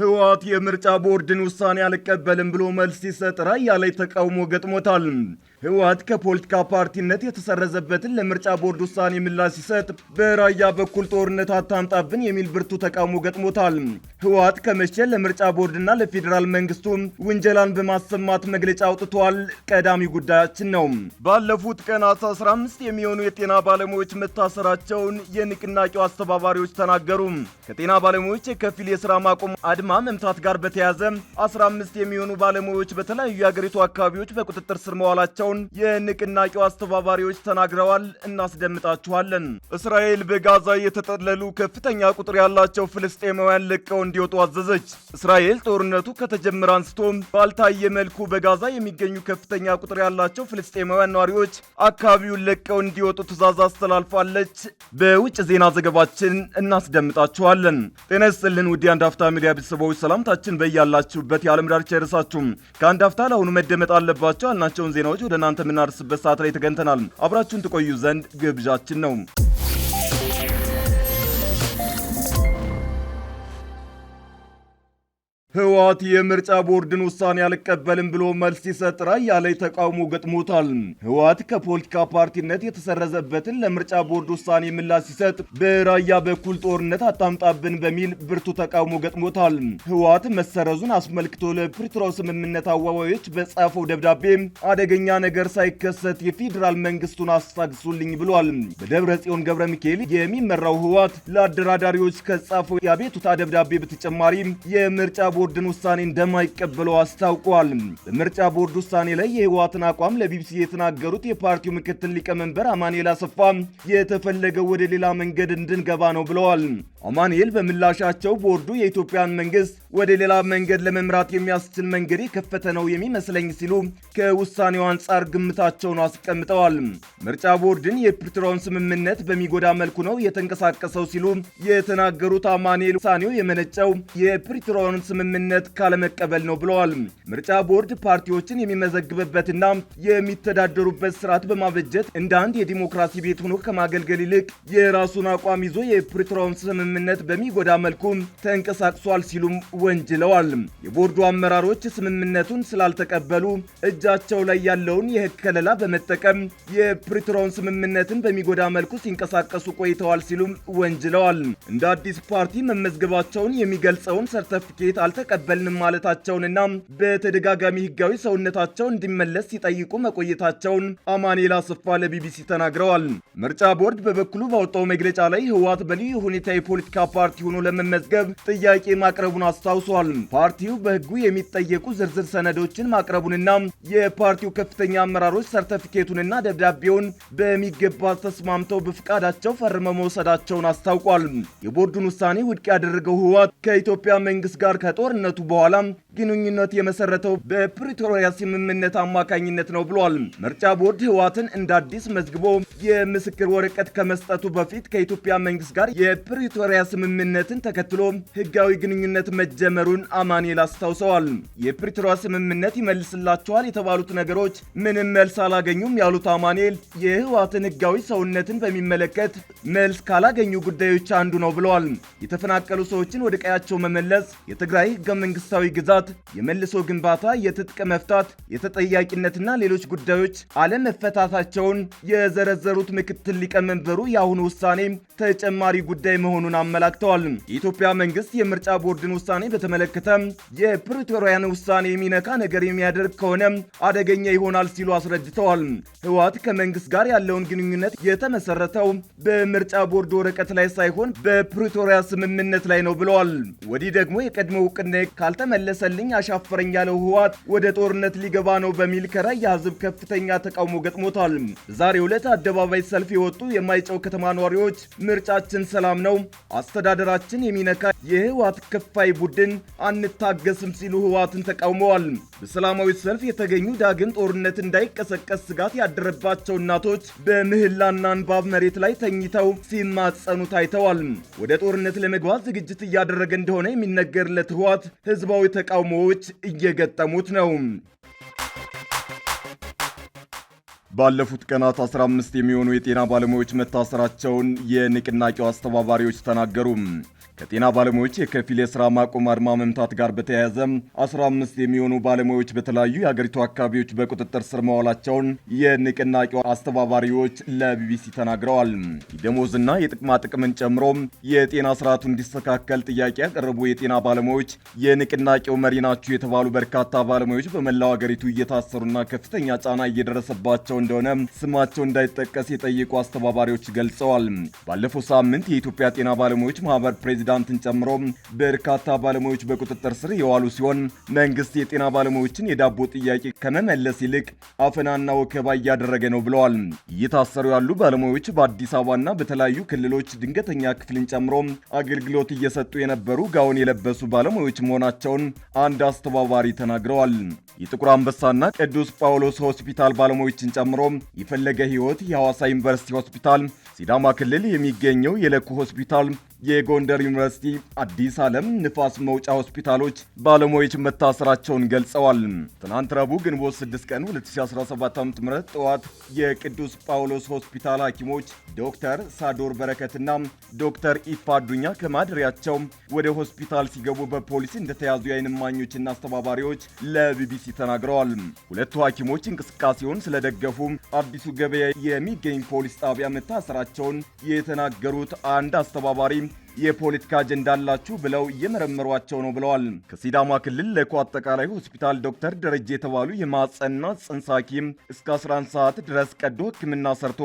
ህወሓት የምርጫ ቦርድን ውሳኔ አልቀበልም ብሎ መልስ ሲሰጥ ራያ ላይ ተቃውሞ ገጥሞታል። ህወሀት ከፖለቲካ ፓርቲነት የተሰረዘበትን ለምርጫ ቦርድ ውሳኔ ምላሽ ሲሰጥ በራያ በኩል ጦርነት አታምጣብን የሚል ብርቱ ተቃውሞ ገጥሞታል። ህወሀት ከመቼ ለምርጫ ቦርድና ለፌዴራል መንግስቱ ውንጀላን በማሰማት መግለጫ አውጥቷል። ቀዳሚ ጉዳያችን ነው። ባለፉት ቀናት 15 የሚሆኑ የጤና ባለሙያዎች መታሰራቸውን የንቅናቄው አስተባባሪዎች ተናገሩ። ከጤና ባለሙያዎች የከፊል የስራ ማቆም አድማ መምታት ጋር በተያያዘ 15 የሚሆኑ ባለሙያዎች በተለያዩ የአገሪቱ አካባቢዎች በቁጥጥር ስር መዋላቸው መሆናቸውን የንቅናቄው አስተባባሪዎች ተናግረዋል። እናስደምጣችኋለን። እስራኤል በጋዛ የተጠለሉ ከፍተኛ ቁጥር ያላቸው ፍልስጤማውያን ለቀው እንዲወጡ አዘዘች። እስራኤል ጦርነቱ ከተጀመረ አንስቶ ባልታየ መልኩ በጋዛ የሚገኙ ከፍተኛ ቁጥር ያላቸው ፍልስጤማውያን ነዋሪዎች አካባቢውን ለቀው እንዲወጡ ትዕዛዝ አስተላልፋለች። በውጭ ዜና ዘገባችን እናስደምጣችኋለን። ጤና ይስጥልን ውድ የአንድ አፍታ ሚዲያ ቤተሰቦች ሰላምታችን በያላችሁበት የዓለም ዳርቻ ይድረሳችሁ። ከአንድ አፍታ ለአሁኑ መደመጥ አለባቸው ያልናቸውን ዜናዎች ወደ ወደ እናንተ የምናደርስበት ሰዓት ላይ ተገኝተናል። አብራችሁን ትቆዩ ዘንድ ግብዣችን ነው። ህወሓት የምርጫ ቦርድን ውሳኔ አልቀበልም ብሎ መልስ ሲሰጥ ራያ ላይ ተቃውሞ ገጥሞታል። ህወሓት ከፖለቲካ ፓርቲነት የተሰረዘበትን ለምርጫ ቦርድ ውሳኔ ምላሽ ሲሰጥ በራያ በኩል ጦርነት አታምጣብን በሚል ብርቱ ተቃውሞ ገጥሞታል። ህወሓት መሰረዙን አስመልክቶ ለፕሪቶሪያው ስምምነት አዋዋዮች በጻፈው ደብዳቤ አደገኛ ነገር ሳይከሰት የፌዴራል መንግስቱን አስታግሱልኝ ብሏል። በደብረ ጽዮን ገብረ ሚካኤል የሚመራው ህወሓት ለአደራዳሪዎች ከጻፈው የአቤቱታ ደብዳቤ በተጨማሪ የምርጫ ቦርድ ቦርድን ውሳኔ እንደማይቀበለው አስታውቀዋል። በምርጫ ቦርድ ውሳኔ ላይ የህወሓትን አቋም ለቢቢሲ የተናገሩት የፓርቲው ምክትል ሊቀመንበር አማኑኤል አሰፋ የተፈለገው ወደ ሌላ መንገድ እንድንገባ ነው ብለዋል። አማኑኤል በምላሻቸው ቦርዱ የኢትዮጵያን መንግስት ወደ ሌላ መንገድ ለመምራት የሚያስችል መንገድ የከፈተ ነው የሚመስለኝ ሲሉ ከውሳኔው አንጻር ግምታቸውን አስቀምጠዋል። ምርጫ ቦርድን የፕሪቶሪያውን ስምምነት በሚጎዳ መልኩ ነው የተንቀሳቀሰው ሲሉ የተናገሩት አማኑኤል ውሳኔው የመነጨው የፕሪቶሪያውን ስምምነት ካለመቀበል ነው ብለዋል። ምርጫ ቦርድ ፓርቲዎችን የሚመዘግብበትና የሚተዳደሩበት ስርዓት በማበጀት እንደ አንድ የዲሞክራሲ ቤት ሆኖ ከማገልገል ይልቅ የራሱን አቋም ይዞ የፕሪቶሪያውን ስምምነት በሚጎዳ መልኩ ተንቀሳቅሷል ሲሉም ወንጅለዋል። የቦርዱ አመራሮች ስምምነቱን ስላልተቀበሉ እጃቸው ላይ ያለውን የሕግ ከለላ በመጠቀም የፕሪቶሪያውን ስምምነትን በሚጎዳ መልኩ ሲንቀሳቀሱ ቆይተዋል ሲሉም ወንጅለዋል። እንደ አዲስ ፓርቲ መመዝገባቸውን የሚገልጸውን ሰርተፍኬት አልተቀበልንም ማለታቸውንና በተደጋጋሚ ህጋዊ ሰውነታቸው እንዲመለስ ሲጠይቁ መቆየታቸውን አማኔላ ስፋ ለቢቢሲ ተናግረዋል። ምርጫ ቦርድ በበኩሉ ባወጣው መግለጫ ላይ ህወሓት በልዩ ሁኔታ የፖለቲካ ፓርቲ ሆኖ ለመመዝገብ ጥያቄ ማቅረቡን አስታው አስታውሷል። ፓርቲው በሕጉ የሚጠየቁ ዝርዝር ሰነዶችን ማቅረቡንና የፓርቲው ከፍተኛ አመራሮች ሰርተፊኬቱንና ደብዳቤውን በሚገባ ተስማምተው በፍቃዳቸው ፈርመው መውሰዳቸውን አስታውቋል። የቦርዱን ውሳኔ ውድቅ ያደረገው ህወሓት ከኢትዮጵያ መንግስት ጋር ከጦርነቱ በኋላ ግንኙነት የመሰረተው በፕሪቶሪያ ስምምነት አማካኝነት ነው ብሏል። ምርጫ ቦርድ ህወሓትን እንደ አዲስ መዝግቦ የምስክር ወረቀት ከመስጠቱ በፊት ከኢትዮጵያ መንግስት ጋር የፕሪቶሪያ ስምምነትን ተከትሎ ህጋዊ ግንኙነት መ መጀመሩን አማኒኤል አስታውሰዋል። የፕሪቶሪያ ስምምነት ይመልስላቸዋል የተባሉት ነገሮች ምንም መልስ አላገኙም ያሉት አማኒኤል የህወሓትን ህጋዊ ሰውነትን በሚመለከት መልስ ካላገኙ ጉዳዮች አንዱ ነው ብለዋል። የተፈናቀሉ ሰዎችን ወደ ቀያቸው መመለስ፣ የትግራይ ህገ መንግስታዊ ግዛት፣ የመልሶ ግንባታ፣ የትጥቅ መፍታት፣ የተጠያቂነትና ሌሎች ጉዳዮች አለመፈታታቸውን የዘረዘሩት ምክትል ሊቀመንበሩ የአሁኑ ውሳኔ ተጨማሪ ጉዳይ መሆኑን አመላክተዋል። የኢትዮጵያ መንግስት የምርጫ ቦርድን ውሳኔ በተመለከተ የፕሪቶሪያን ውሳኔ የሚነካ ነገር የሚያደርግ ከሆነ አደገኛ ይሆናል ሲሉ አስረድተዋል። ህወሓት ከመንግስት ጋር ያለውን ግንኙነት የተመሰረተው በምርጫ ቦርድ ወረቀት ላይ ሳይሆን በፕሪቶሪያ ስምምነት ላይ ነው ብለዋል። ወዲህ ደግሞ የቀድሞ እውቅና ካልተመለሰልኝ አሻፈረኝ ያለው ህወሓት ወደ ጦርነት ሊገባ ነው በሚል ከራያ ህዝብ ከፍተኛ ተቃውሞ ገጥሞታል። ዛሬ ሁለት አደባባይ ሰልፍ የወጡ የማይጨው ከተማ ነዋሪዎች ምርጫችን ሰላም ነው፣ አስተዳደራችን የሚነካ የህወሓት ክፋይ ቡድን ቡድን አንታገስም ሲሉ ህወሓትን ተቃውመዋል። በሰላማዊ ሰልፍ የተገኙ ዳግም ጦርነት እንዳይቀሰቀስ ስጋት ያደረባቸው እናቶች በምህላና አንባብ መሬት ላይ ተኝተው ሲማጸኑ ታይተዋል። ወደ ጦርነት ለመግባት ዝግጅት እያደረገ እንደሆነ የሚነገርለት ህወሓት ህዝባዊ ተቃውሞዎች እየገጠሙት ነው። ባለፉት ቀናት 15 የሚሆኑ የጤና ባለሙያዎች መታሰራቸውን የንቅናቄው አስተባባሪዎች ተናገሩ። ከጤና ባለሙያዎች የከፊል የስራ ማቆም አድማ መምታት ጋር በተያያዘ 15 የሚሆኑ ባለሙያዎች በተለያዩ የአገሪቱ አካባቢዎች በቁጥጥር ስር መዋላቸውን የንቅናቄው አስተባባሪዎች ለቢቢሲ ተናግረዋል። የደሞዝና የጥቅማ ጥቅምን ጨምሮ የጤና ስርዓቱ እንዲስተካከል ጥያቄ ያቀረቡ የጤና ባለሙያዎች የንቅናቄው መሪ ናቸው የተባሉ በርካታ ባለሙያዎች በመላው አገሪቱ እየታሰሩና ከፍተኛ ጫና እየደረሰባቸው እንደሆነ ስማቸው እንዳይጠቀስ የጠየቁ አስተባባሪዎች ገልጸዋል። ባለፈው ሳምንት የኢትዮጵያ ጤና ባለሙያዎች ማህበር ፕሬዚደንት ፕሬዚዳንትን ጨምሮ በርካታ ባለሙያዎች በቁጥጥር ስር የዋሉ ሲሆን መንግስት የጤና ባለሙያዎችን የዳቦ ጥያቄ ከመመለስ ይልቅ አፈናና ወከባ እያደረገ ነው ብለዋል። እየታሰሩ ያሉ ባለሙያዎች በአዲስ አበባና በተለያዩ ክልሎች ድንገተኛ ክፍልን ጨምሮ አገልግሎት እየሰጡ የነበሩ ጋውን የለበሱ ባለሙያዎች መሆናቸውን አንድ አስተባባሪ ተናግረዋል። የጥቁር አንበሳና ቅዱስ ጳውሎስ ሆስፒታል ባለሙያዎችን ጨምሮ የፈለገ ሕይወት፣ የሐዋሳ ዩኒቨርሲቲ ሆስፒታል፣ ሲዳማ ክልል የሚገኘው የለኩ ሆስፒታል የጎንደር ዩኒቨርሲቲ፣ አዲስ ዓለም፣ ንፋስ መውጫ ሆስፒታሎች ባለሙያዎች መታሰራቸውን ገልጸዋል። ትናንት ረቡዕ ግንቦት 6 ቀን 2017 ዓ.ም ጠዋት የቅዱስ ጳውሎስ ሆስፒታል ሐኪሞች ዶክተር ሳዶር በረከትና ዶክተር ኢፋ አዱኛ ከማደሪያቸው ወደ ሆስፒታል ሲገቡ በፖሊስ እንደተያዙ የዓይን እማኞችና አስተባባሪዎች ለቢቢሲ ተናግረዋል። ሁለቱ ሐኪሞች እንቅስቃሴውን ስለደገፉ አዲሱ ገበያ የሚገኝ ፖሊስ ጣቢያ መታሰራቸውን የተናገሩት አንድ አስተባባሪ የፖለቲካ አጀንዳ አላችሁ ብለው እየመረመሯቸው ነው ብለዋል። ከሲዳማ ክልል ለኮ አጠቃላይ ሆስፒታል ዶክተር ደረጀ የተባሉ የማጸና ጽንስ ሐኪም እስከ 11 ሰዓት ድረስ ቀዶ ሕክምና ሰርቶ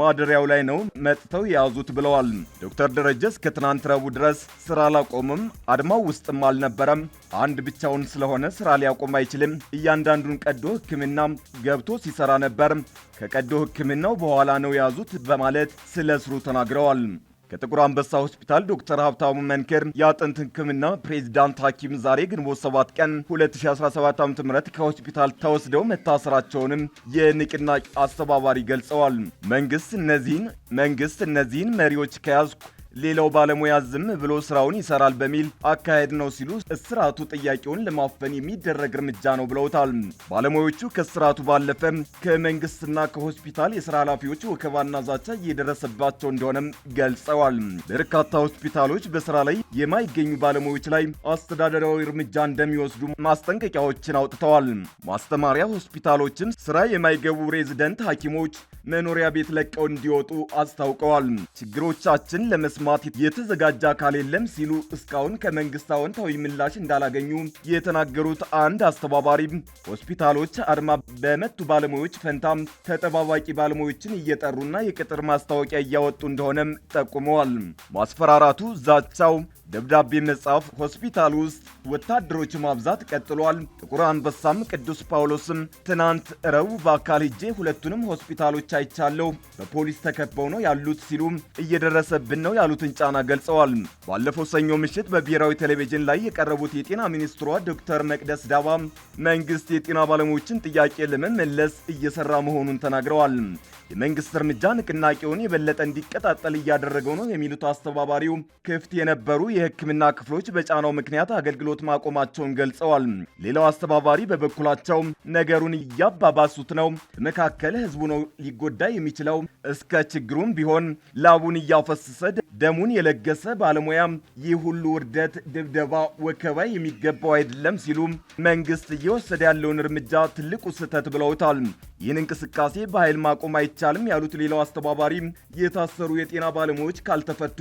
ማደሪያው ላይ ነው መጥተው የያዙት ብለዋል። ዶክተር ደረጀ እስከ ትናንት ረቡዕ ድረስ ስራ አላቆምም፣ አድማው ውስጥም አልነበረም። አንድ ብቻውን ስለሆነ ስራ ሊያቆም አይችልም። እያንዳንዱን ቀዶ ሕክምና ገብቶ ሲሰራ ነበር። ከቀዶ ሕክምናው በኋላ ነው የያዙት በማለት ስለ እስሩ ተናግረዋል። ከጥቁር አንበሳ ሆስፒታል ዶክተር ሀብታሙ መንከር የአጥንት ሕክምና ፕሬዚዳንት ሐኪም ዛሬ ግንቦት 7 ቀን 2017 .ም ከሆስፒታል ተወስደው መታሰራቸውንም የንቅናቄ አስተባባሪ ገልጸዋል። መንግስት እነዚህን መንግስት እነዚህን መሪዎች ከያዝኩ ሌላው ባለሙያ ዝም ብሎ ስራውን ይሰራል በሚል አካሄድ ነው ሲሉ እስራቱ ጥያቄውን ለማፈን የሚደረግ እርምጃ ነው ብለውታል። ባለሙያዎቹ ከእስራቱ ባለፈ ከመንግስትና ከሆስፒታል የስራ ኃላፊዎች ወከባና ዛቻ እየደረሰባቸው እንደሆነም ገልጸዋል። በርካታ ሆስፒታሎች በስራ ላይ የማይገኙ ባለሙያዎች ላይ አስተዳደራዊ እርምጃ እንደሚወስዱ ማስጠንቀቂያዎችን አውጥተዋል። ማስተማሪያ ሆስፒታሎችን ስራ የማይገቡ ሬዚደንት ሐኪሞች መኖሪያ ቤት ለቀው እንዲወጡ አስታውቀዋል። ችግሮቻችን ለመስ ለመስማት የተዘጋጀ አካል የለም ሲሉ እስካሁን ከመንግስት አዎንታዊ ምላሽ እንዳላገኙ የተናገሩት አንድ አስተባባሪ ሆስፒታሎች አድማ በመቱ ባለሙያዎች ፈንታም ተጠባባቂ ባለሙያዎችን እየጠሩና የቅጥር ማስታወቂያ እያወጡ እንደሆነም ጠቁመዋል። ማስፈራራቱ፣ ዛቻው ደብዳቤ መጻፍ ሆስፒታል ውስጥ ወታደሮች ማብዛት ቀጥሏል። ጥቁር አንበሳም ቅዱስ ጳውሎስም ትናንት ረው በአካል ሄጄ ሁለቱንም ሆስፒታሎች አይቻለሁ። በፖሊስ ተከበው ነው ያሉት ሲሉ እየደረሰብን ነው ያሉትን ጫና ገልጸዋል። ባለፈው ሰኞ ምሽት በብሔራዊ ቴሌቪዥን ላይ የቀረቡት የጤና ሚኒስትሯ ዶክተር መቅደስ ዳባ መንግስት የጤና ባለሙያዎችን ጥያቄ ለመመለስ እየሰራ መሆኑን ተናግረዋል። የመንግስት እርምጃ ንቅናቄውን የበለጠ እንዲቀጣጠል እያደረገው ነው የሚሉት አስተባባሪው ክፍት የነበሩ የህክምና ክፍሎች በጫናው ምክንያት አገልግሎት ማቆማቸውን ገልጸዋል። ሌላው አስተባባሪ በበኩላቸው ነገሩን እያባባሱት ነው፣ በመካከል ህዝቡ ነው ሊጎዳ የሚችለው። እስከ ችግሩም ቢሆን ላቡን እያፈሰሰ ደሙን የለገሰ ባለሙያ ይህ ሁሉ ውርደት፣ ድብደባ፣ ወከባ የሚገባው አይደለም ሲሉ መንግስት እየወሰደ ያለውን እርምጃ ትልቁ ስህተት ብለውታል። ይህን እንቅስቃሴ በኃይል ማቆም አይቻልም ያሉት ሌላው አስተባባሪ የታሰሩ የጤና ባለሙያዎች ካልተፈቱ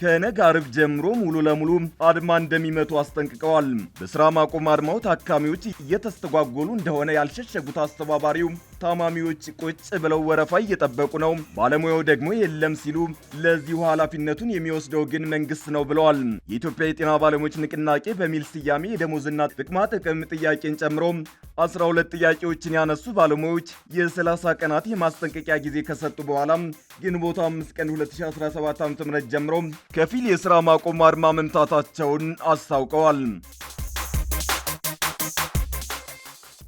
ከነገ አርብ ጀምሮ ሙሉ ለሙሉ አድማ እንደሚመቱ አስጠንቅቀዋል። በስራ ማቆም አድማው ታካሚዎች እየተስተጓጎሉ እንደሆነ ያልሸሸጉት አስተባባሪው ታማሚዎች ቁጭ ብለው ወረፋ እየጠበቁ ነው፣ ባለሙያው ደግሞ የለም ሲሉ ለዚሁ ኃላፊነቱን የሚወስደው ግን መንግስት ነው ብለዋል። የኢትዮጵያ የጤና ባለሙያዎች ንቅናቄ በሚል ስያሜ የደሞዝና ጥቅማ ጥቅም ጥያቄን ጨምሮ 12 ጥያቄዎችን ያነሱ ባለሙያዎች የ30 ቀናት የማስጠንቀቂያ ጊዜ ከሰጡ በኋላ ግንቦት 5 ቀን 2017 ዓ.ም ጀምሮ ከፊል የሥራ ማቆም አድማ መምታታቸውን አስታውቀዋል።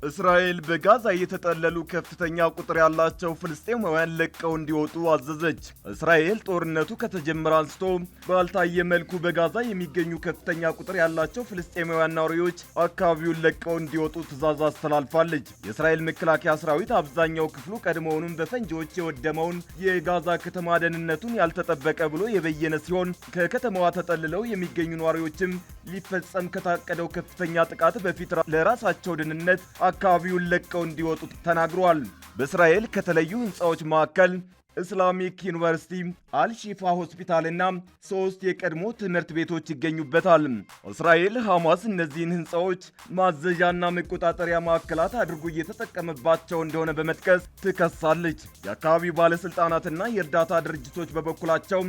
እስራኤል በጋዛ እየተጠለሉ ከፍተኛ ቁጥር ያላቸው ፍልስጤማውያን ለቀው እንዲወጡ አዘዘች። እስራኤል ጦርነቱ ከተጀመረ አንስቶ ባልታየ መልኩ በጋዛ የሚገኙ ከፍተኛ ቁጥር ያላቸው ፍልስጤማውያን ነዋሪዎች አካባቢውን ለቀው እንዲወጡ ትዕዛዝ አስተላልፋለች። የእስራኤል መከላከያ ሰራዊት አብዛኛው ክፍሉ ቀድሞውንም በፈንጂዎች የወደመውን የጋዛ ከተማ ደህንነቱን ያልተጠበቀ ብሎ የበየነ ሲሆን ከከተማዋ ተጠልለው የሚገኙ ነዋሪዎችም ሊፈጸም ከታቀደው ከፍተኛ ጥቃት በፊት ለራሳቸው ደህንነት አካባቢውን ለቀው እንዲወጡ ተናግረዋል። በእስራኤል ከተለዩ ህንፃዎች መካከል እስላሚክ ዩኒቨርሲቲ፣ አልሺፋ ሆስፒታልና ሶስት የቀድሞ ትምህርት ቤቶች ይገኙበታል። እስራኤል ሐማስ እነዚህን ህንፃዎች ማዘዣና መቆጣጠሪያ ማዕከላት አድርጎ እየተጠቀመባቸው እንደሆነ በመጥቀስ ትከሳለች። የአካባቢው ባለሥልጣናትና የእርዳታ ድርጅቶች በበኩላቸው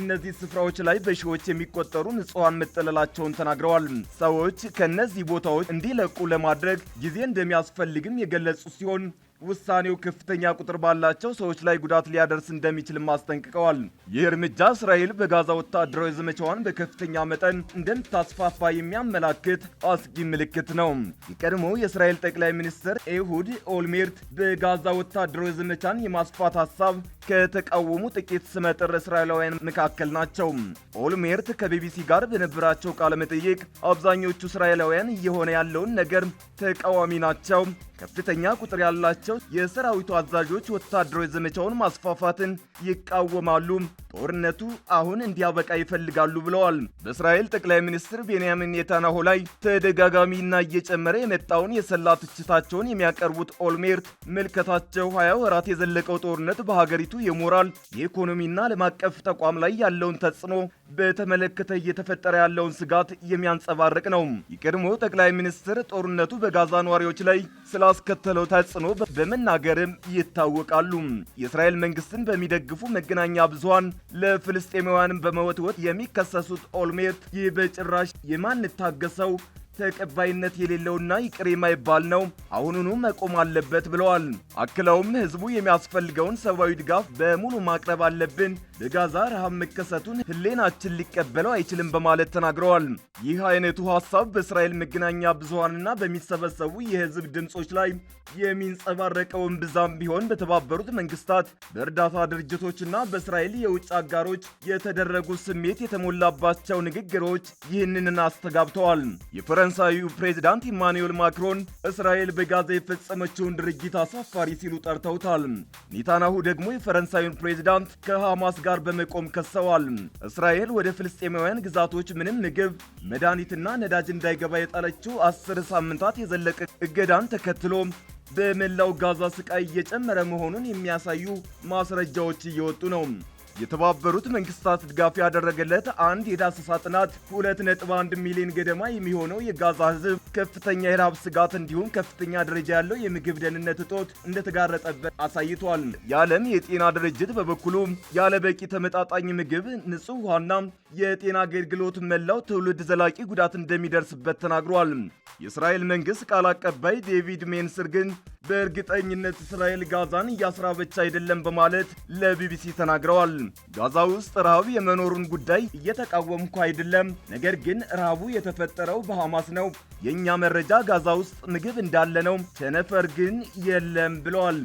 እነዚህ ስፍራዎች ላይ በሺዎች የሚቆጠሩ ንጹሐን መጠለላቸውን ተናግረዋል። ሰዎች ከእነዚህ ቦታዎች እንዲለቁ ለማድረግ ጊዜ እንደሚያስፈልግም የገለጹ ሲሆን ውሳኔው ከፍተኛ ቁጥር ባላቸው ሰዎች ላይ ጉዳት ሊያደርስ እንደሚችልም አስጠንቅቀዋል። ይህ እርምጃ እስራኤል በጋዛ ወታደራዊ ዘመቻዋን በከፍተኛ መጠን እንደምታስፋፋ የሚያመላክት አስጊ ምልክት ነው። የቀድሞው የእስራኤል ጠቅላይ ሚኒስትር ኤሁድ ኦልሜርት በጋዛ ወታደራዊ ዘመቻን የማስፋት ሀሳብ ከተቃወሙ ጥቂት ስመጥር እስራኤላውያን መካከል ናቸው። ኦልሜርት ከቢቢሲ ጋር በነበራቸው ቃለ መጠይቅ አብዛኞቹ እስራኤላውያን እየሆነ ያለውን ነገር ተቃዋሚ ናቸው፣ ከፍተኛ ቁጥር ያላቸው የሰራዊቱ አዛዦች ወታደራዊ ዘመቻውን ማስፋፋትን ይቃወማሉ፣ ጦርነቱ አሁን እንዲያበቃ ይፈልጋሉ ብለዋል። በእስራኤል ጠቅላይ ሚኒስትር ቤንያሚን ኔታንያሁ ላይ ተደጋጋሚና እየጨመረ የመጣውን የሰላ ትችታቸውን የሚያቀርቡት ኦልሜርት ምልከታቸው ሀያ ወራት የዘለቀው ጦርነት በሀገሪቱ በሀገሪቱ የሞራል የኢኮኖሚና ዓለም አቀፍ ተቋም ላይ ያለውን ተጽዕኖ በተመለከተ እየተፈጠረ ያለውን ስጋት የሚያንጸባርቅ ነው። የቀድሞ ጠቅላይ ሚኒስትር ጦርነቱ በጋዛ ነዋሪዎች ላይ ስላስከተለው ተጽዕኖ በመናገርም ይታወቃሉ። የእስራኤል መንግስትን በሚደግፉ መገናኛ ብዙሃን ለፍልስጤማውያን በመወትወት የሚከሰሱት ኦልሜት ይህ በጭራሽ የማንታገሰው ተቀባይነት የሌለውና ይቅር የማይባል ነው አሁኑኑ መቆም አለበት ብለዋል። አክለውም ህዝቡ የሚያስፈልገውን ሰብአዊ ድጋፍ በሙሉ ማቅረብ አለብን፣ በጋዛ ረሃብ መከሰቱን ህሌናችን ሊቀበለው አይችልም በማለት ተናግረዋል። ይህ አይነቱ ሀሳብ በእስራኤል መገናኛ ብዙሃንና በሚሰበሰቡ የህዝብ ድምፆች ላይ የሚንጸባረቀውን ብዛም ቢሆን በተባበሩት መንግስታት በእርዳታ ድርጅቶችና በእስራኤል የውጭ አጋሮች የተደረጉ ስሜት የተሞላባቸው ንግግሮች ይህንን አስተጋብተዋል። የፈረንሳዩ ፕሬዚዳንት ኢማኑኤል ማክሮን እስራኤል በጋዛ የፈጸመችውን ድርጊት አሳፋሪ ሲሉ ጠርተውታል። ኔታናሁ ደግሞ የፈረንሳዩን ፕሬዚዳንት ከሐማስ ጋር በመቆም ከሰዋል። እስራኤል ወደ ፍልስጤማውያን ግዛቶች ምንም ምግብ፣ መድኃኒትና ነዳጅ እንዳይገባ የጣለችው አስር ሳምንታት የዘለቀ እገዳን ተከትሎ በመላው ጋዛ ስቃይ እየጨመረ መሆኑን የሚያሳዩ ማስረጃዎች እየወጡ ነው። የተባበሩት መንግስታት ድጋፍ ያደረገለት አንድ የዳሰሳ ጥናት 2.1 ሚሊዮን ገደማ የሚሆነው የጋዛ ህዝብ ከፍተኛ የረሃብ ስጋት እንዲሁም ከፍተኛ ደረጃ ያለው የምግብ ደህንነት እጦት እንደተጋረጠበት አሳይቷል። የዓለም የጤና ድርጅት በበኩሉ ያለ በቂ ተመጣጣኝ ምግብ፣ ንጹህ ውሃና የጤና አገልግሎት መላው ትውልድ ዘላቂ ጉዳት እንደሚደርስበት ተናግሯል። የእስራኤል መንግስት ቃል አቀባይ ዴቪድ ሜንስር ግን በእርግጠኝነት እስራኤል ጋዛን እያስራበች አይደለም በማለት ለቢቢሲ ተናግረዋል። ጋዛ ውስጥ ረሃብ የመኖሩን ጉዳይ እየተቃወምኩ አይደለም፣ ነገር ግን ረሃቡ የተፈጠረው በሐማስ ነው። የእኛ መረጃ ጋዛ ውስጥ ምግብ እንዳለ ነው፣ ቸነፈር ግን የለም ብለዋል።